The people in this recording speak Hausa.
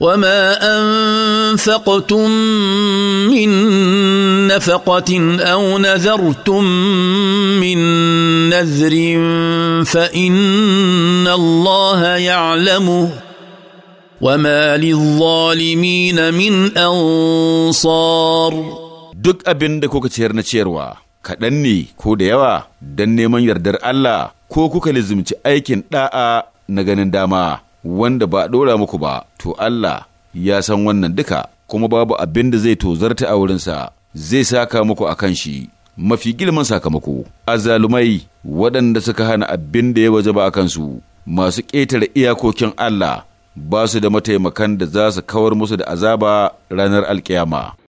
وما انفقتم من نفقه او نذرتم من نذر فان الله يعلمه وما للظالمين من انصار duk abin da kuka ciyar na ciyarwa kaɗan ne ko da yawa don neman yardar Allah ko kuka lizimci aikin ɗa'a na ganin dama wanda ba a ɗora muku ba, to Allah ya san wannan duka, kuma babu abin da zai tozarta a wurinsa, zai saka muku a kan shi, mafi girman sakamako. Azalumai waɗanda suka hana abin da ya waje ba a kansu, masu ƙetare iyakokin Allah ba su da mataimakan da za su kawar musu da azaba ranar alkiyama.